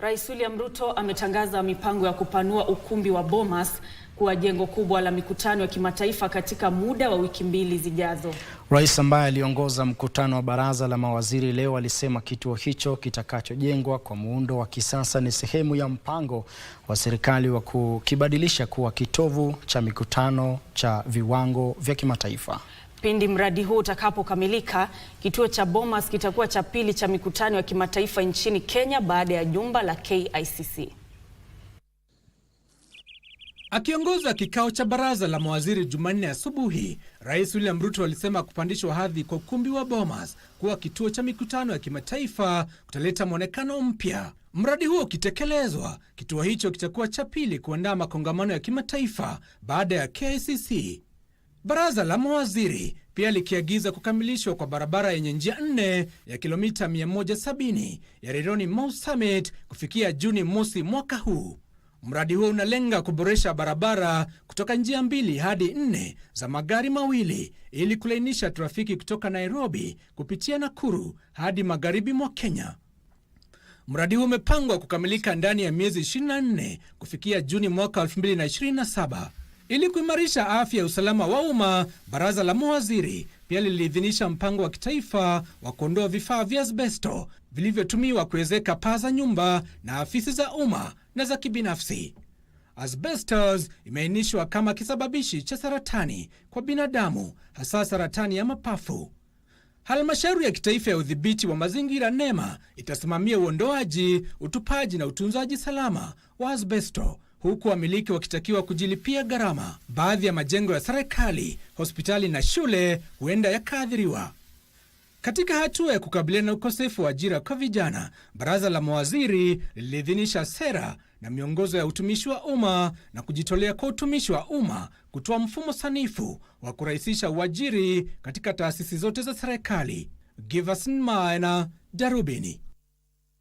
Rais William Ruto ametangaza mipango ya kupanua ukumbi wa Bomas kuwa jengo kubwa la mikutano ya kimataifa katika muda wa wiki mbili zijazo. Rais ambaye aliongoza mkutano wa baraza la mawaziri leo alisema kituo hicho kitakachojengwa kwa muundo wa kisasa ni sehemu ya mpango wa serikali wa kukibadilisha kuwa kitovu cha mikutano cha viwango vya kimataifa. Pindi mradi huu utakapokamilika, kituo cha Bomas kitakuwa cha pili cha mikutano ya kimataifa nchini Kenya baada ya jumba la KICC. Akiongoza kikao cha baraza la mawaziri Jumanne asubuhi, Rais William Ruto alisema kupandishwa hadhi kwa ukumbi wa Bomas kuwa kituo cha mikutano ya kimataifa kutaleta mwonekano mpya. Mradi huo ukitekelezwa, kituo hicho kitakuwa cha pili kuandaa makongamano ya kimataifa baada ya KICC. Baraza la mawaziri pia likiagiza kukamilishwa kwa barabara yenye njia nne ya kilomita 170 ya Rironi Mau Summit kufikia Juni mosi mwaka huu. Mradi huo unalenga kuboresha barabara kutoka njia mbili hadi nne za magari mawili ili kulainisha trafiki kutoka Nairobi kupitia Nakuru hadi magharibi mwa Kenya. Mradi huu umepangwa kukamilika ndani ya miezi 24 kufikia Juni mwaka 2027. Ili kuimarisha afya ya usalama wa umma, baraza la mawaziri pia liliidhinisha mpango wa kitaifa wa kuondoa vifaa vya asbesto vilivyotumiwa kuwezeka paa za nyumba na afisi za umma na za kibinafsi. Asbestos imeainishwa kama kisababishi cha saratani kwa binadamu, hasa saratani ya mapafu. Halmashauri ya kitaifa ya udhibiti wa mazingira NEMA itasimamia uondoaji, utupaji na utunzaji salama wa asbesto huku wamiliki wakitakiwa kujilipia gharama. Baadhi ya majengo ya serikali, hospitali na shule huenda yakaathiriwa. Katika hatua ya kukabiliana na ukosefu wa ajira kwa vijana, baraza la mawaziri liliidhinisha sera na miongozo ya utumishi wa umma na kujitolea kwa utumishi wa umma kutoa mfumo sanifu wa kurahisisha uajiri katika taasisi zote za serikali. Giverson Maina, Darubini.